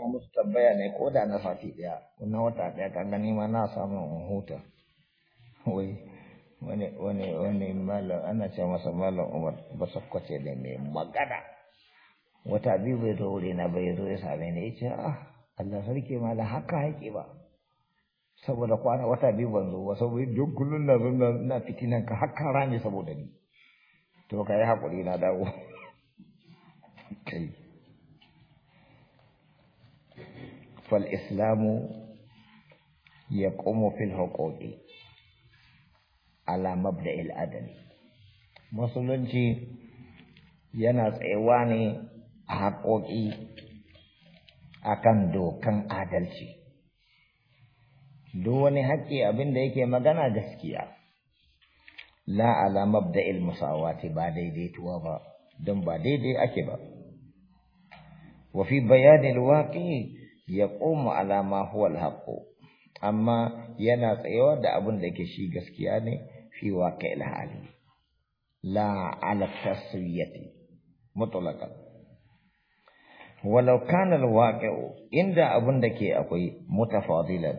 ka musu tambaya ne ko da na sati ɗaya na wata ɗaya ka gani ma na samun huta wai wani wani wani malam ana ce masa malam umar ba sakwace da mai magana wata biyu bai zo wuri na bai zo ya same ni ya ce ah Allah sarki ma da haka haƙi ba saboda kwana wata biyu ban zo ba saboda duk kullun na zo na fitinan ka haka rani saboda ni to ka yi haƙuri na dawo kai فالإسلام يقوم في الحقوق على مبدأ العدل musulunci yana tsayawa ne a haƙoƙi akan dokan adalci duk wani haƙƙi abin da yake magana gaskiya la ala mabda'il musawati ba daidaituwa ba don ba daidai ake ba wa fi bayanil waƙi ya ƙoma alama huwal haƙo amma yana tsayawa da abin da shi gaskiya ne fi wa ka hali. la ala tasawiyati mutulaka walau kana alwaqi'u inda abin da ke akwai mutafadilan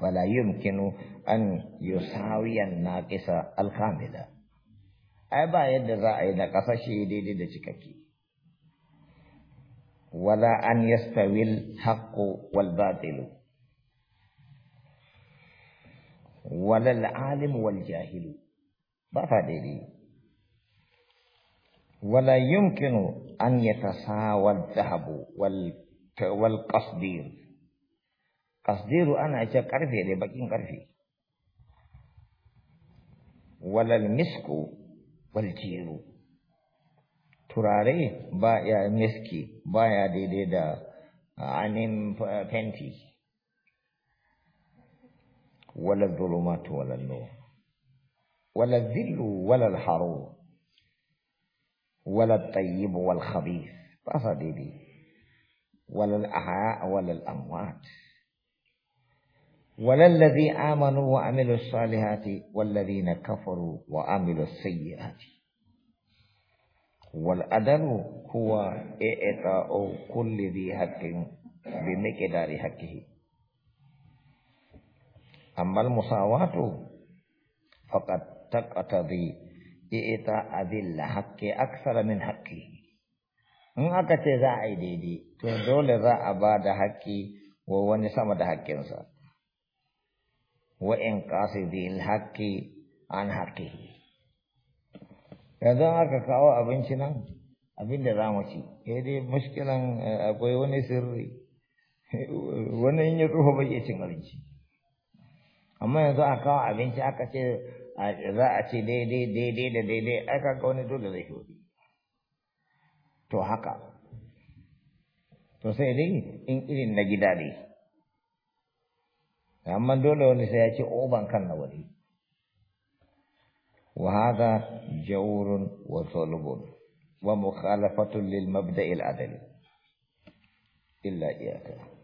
fala yumkinu an yusawi an-naqisa al ai ba yadda za a yi na kasashe daidai da cikakke ولا أن يستوي الحق والباطل ولا العالم والجاهل بفضل ولا يمكن أن يتساوى الذهب والقصدير قصدير أنا أشياء كرفي لبكين كرفي ولا المسك والجير turare ba ya miski ba ya daidai da anin penti wala zulumatu wala nur wala zillu wala haru wala tayyib wal khabith ba sa daidai wala al-ahya wala al-amwat ولا الذي آمنوا وعملوا الصالحات والذين كفروا وعملوا السيئات والعدل هو إعطاء كل ذي حق بمقدار حقه أما المساواة فقد تقتضي إعطاء ذي الحق aksara min حقه in aka ce za a yi daidai to dole za a ba da haƙƙi wa wani sama da haƙƙinsa wa in ƙasa haƙƙi an haƙƙihi yanzu haka kawo abinci nan abin da za mu ci sai eh dai mashkilan eh, akwai wani sirri wani ya tsoho bai iya cin abinci amma yanzu a kawo abinci aka ce za a ce daidai daidai da daidai aka ga wani dole zai shodi to haka to sai dai in irin na gida dai amma dole wani sai ya ce oban oh, kan na wani wa haka جور وظلم ومخالفة للمبدأ العدل إلا إياك